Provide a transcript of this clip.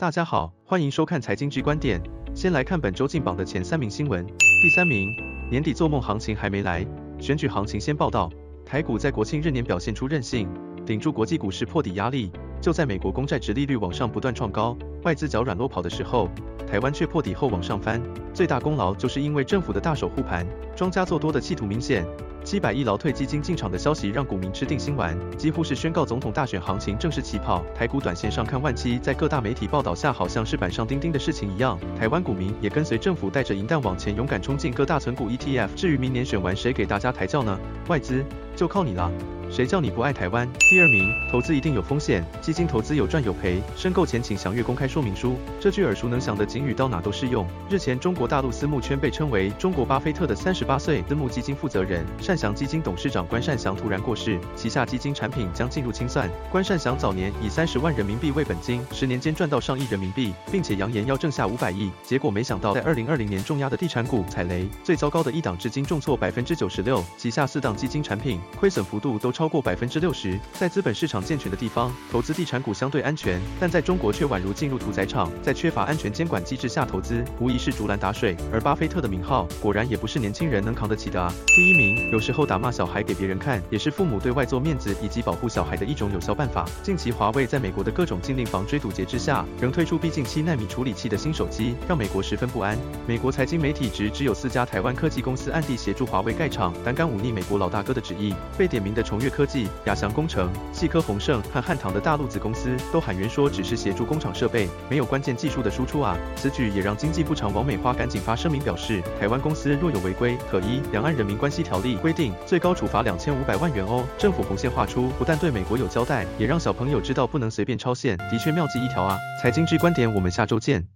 大家好，歡迎收看《財經局觀點》。先來看本週進榜的前三名新聞。第三名，年底作夢行情還沒來，選舉行情先報到。台股在國慶日年表現出韌性。頂住國際股市破底壓力，就在美國公債殖利率往上不斷創高，外資腳軟落跑的時候，台灣卻破底後往上翻，最大功勞就是因為政府的大手護盤，莊家做多的企圖明顯。七百億勞退基金進場的消息讓股民吃定心丸，幾乎是宣告總統大選行情正式起跑。台股短線上看萬七，萬七在各大媒體報道下，好像是板上釘釘的事情一樣。台灣股民也跟隨政府帶着銀彈往前，勇敢衝進各大存股 ETF。至於明年選完誰給大家抬轎呢？外資就靠你啦。誰叫你不愛台灣？第二名，投資一定有風險，基金投資有賺有賠。申購前請詳閱公開說明書。這句耳熟能詳的警語到哪都適用。日前，中國大陸私募圈被稱為“中國巴菲特”的三十八歲私募基金負責人善祥基金董事長關善祥突然過世，旗下基金產品將進入清算。關善祥早年以三十萬人民幣為本金，十年間賺到上億人民幣，並且揚言要掙下五百億。結果沒想到，在二零二零年重壓的地產股踩雷，最糟糕的一檔至今重挫百分之九十六，旗下四檔基金產品虧損幅度都超。超過百分之六十，在資本市場健全的地方，投資地產股相對安全，但在中國卻宛如進入屠宰場，在缺乏安全監管機制下投資，無疑是竹籃打水。而巴菲特的名號果然也不是年輕人能扛得起的啊！第一名，有時候打罵小孩給別人看，也是父母對外做面子以及保護小孩的一種有效辦法。近期華為在美國的各種禁令、防追堵截之下，仍推出逼近七納米處理器的新手機，讓美國十分不安。美國財經媒體指只有四家台灣科技公司暗地協助華為蓋廠，膽敢忤逆美國老大哥的旨意，被點名的崇越。科技、亞翔工程、矽科宏晟和漢唐的大陸子公司都喊冤說只是協助工廠設備，沒有關鍵技術的輸出啊！此舉也讓經濟部長王美花趕緊發聲明表示，台灣公司若有違規，可依《兩岸人民關係條例》規定，最高處罰兩千五百萬元哦。政府紅線畫出，不但對美國有交代，也讓小朋友知道不能隨便超線。的確妙計一條啊！財經 Ｇ 觀點，我們下週見。